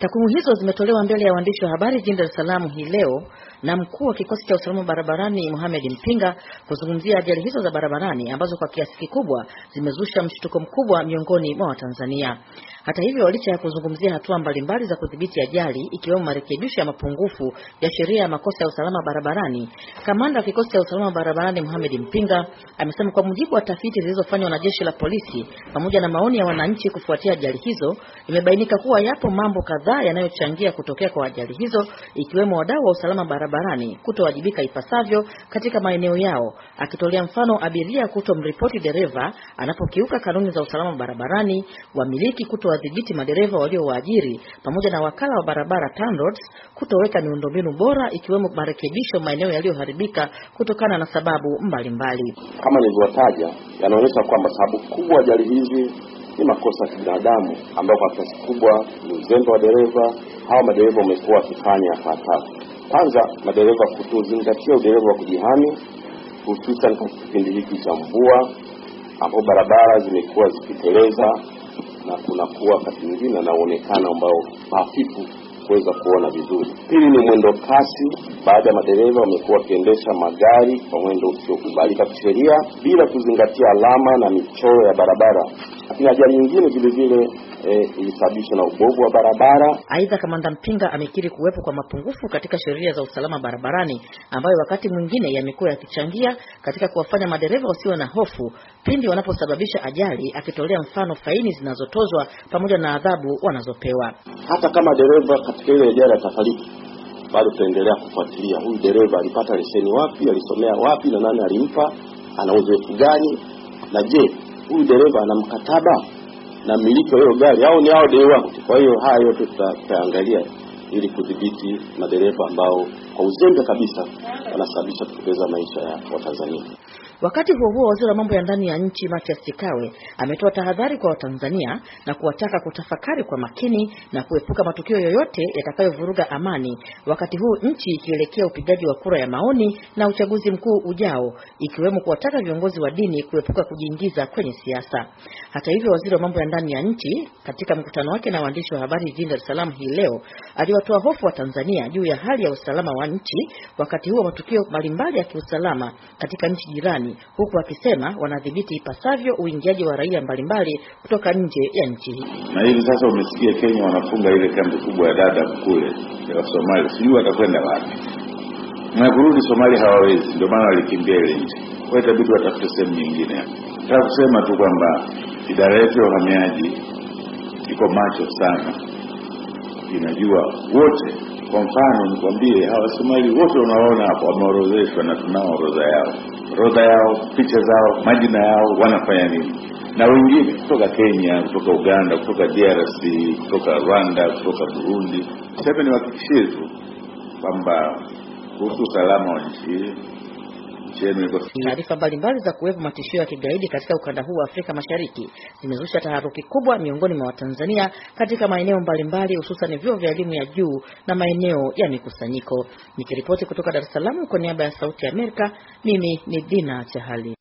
Takwimu hizo zimetolewa mbele ya waandishi wa habari jijini Dar es Salaam hii leo na mkuu wa kikosi cha usalama barabarani Mohamed Mpinga kuzungumzia ajali hizo za barabarani ambazo kwa kiasi kikubwa zimezusha mshtuko mkubwa miongoni mwa Watanzania. Hata hivyo, licha ya kuzungumzia hatua mbalimbali za kudhibiti ajali ikiwemo marekebisho ya mapungufu ya sheria ya makosa ya usalama barabarani, kamanda wa kikosi cha usalama barabarani Mohamed Mpinga amesema kwa mujibu wa tafiti zilizofanywa na jeshi la polisi pamoja na maoni ya wananchi kufuatia ajali hizo, imebainika kuwa yapo mambo kadhaa yanayochangia kutokea kwa ajali hizo ikiwemo wadau wa usalama barabarani barabarani kutowajibika ipasavyo katika maeneo yao, akitolea mfano abiria kutomripoti dereva anapokiuka kanuni za usalama barabarani, wamiliki kutowadhibiti madereva waliowaajiri, pamoja na wakala wa barabara TANROADS kutoweka miundombinu bora ikiwemo marekebisho maeneo yaliyoharibika kutokana na sababu mbalimbali mbali. Kama nilivyotaja, yanaonyesha kwamba sababu kubwa ajali hizi ni makosa ya kibinadamu ambayo kwa kiasi kubwa ni uzembe wa dereva. Hawa madereva wamekuwa wakifanya hatatu. Kwanza, madereva kutozingatia udereva wa kujihami, hususan kwa kipindi hiki cha mvua ambapo barabara zimekuwa zikiteleza na kunakuwa wakati mwingine na uonekano ambao hafifu kuweza kuona vizuri. Pili ni mwendo kasi, baadhi ya madereva wamekuwa wakiendesha magari kwa mwendo usiokubalika kisheria bila kuzingatia alama na michoro ya barabara. Lakini ajali nyingine vile vile E, ilisababishwa na ubovu wa barabara. Aidha, Kamanda Mpinga amekiri kuwepo kwa mapungufu katika sheria za usalama barabarani ambayo wakati mwingine yamekuwa yakichangia katika kuwafanya madereva wasiwe na hofu pindi wanaposababisha ajali, akitolea mfano faini zinazotozwa pamoja na adhabu wanazopewa. Hata kama dereva katika ile ajali atafariki, bado tutaendelea kufuatilia huyu dereva alipata leseni wapi, alisomea wapi, na nani alimpa, ana uzoefu gani, na je huyu dereva ana mkataba na miliki wa hiyo gari au ni hao dereva? Kwa hiyo haya yote tutaangalia ili kudhibiti madereva ambao kwa uzembe kabisa wanasababisha kupoteza maisha ya Watanzania. Wakati huo huo, waziri wa mambo ya ndani ya nchi Mathias Chikawe ametoa tahadhari kwa Watanzania na kuwataka kutafakari kwa makini na kuepuka matukio yoyote yatakayovuruga amani, wakati huu nchi ikielekea upigaji wa kura ya maoni na uchaguzi mkuu ujao, ikiwemo kuwataka viongozi wa dini kuepuka kujiingiza kwenye siasa. Hata hivyo, waziri wa mambo ya ndani ya nchi katika mkutano wake na waandishi wa habari jijini Dar es Salaam hii leo aliwa kuwatoa hofu wa Tanzania juu ya hali ya usalama wa nchi wakati huo matukio mbalimbali ya kiusalama katika nchi jirani, huku wakisema wanadhibiti ipasavyo uingiaji wa raia mbalimbali kutoka nje ya nchi hii. Na hivi sasa umesikia Kenya wanafunga ile kambi kubwa ya dada kule ya Somalia, sijui watakwenda wapi na kurudi Somalia hawawezi, ndio maana walikimbia ile nchi. Kwa hiyo itabidi watafute sehemu nyingine. Nataka kusema tu kwamba idara yetu ya uhamiaji iko macho sana inajua wote. Kwa mfano nikwambie, hawa Somali wote unaona hapo wameorodheshwa na tunao orodha yao, orodha yao, picha zao, majina yao, wanafanya nini, na wengine kutoka Kenya, kutoka Uganda, kutoka DRC, kutoka Rwanda, kutoka Burundi. Sasa niwahakikishie tu kwamba kuhusu usalama wa nchi hii Taarifa mbalimbali za kuwepo matishio ya kigaidi katika ukanda huu wa Afrika Mashariki zimezusha taharuki kubwa miongoni mwa Watanzania katika maeneo mbalimbali, hususan vyuo vya elimu ya juu na maeneo ya mikusanyiko. Nikiripoti kutoka Dar es Salaam kwa niaba ya Sauti ya Amerika, mimi ni Dina Chahali.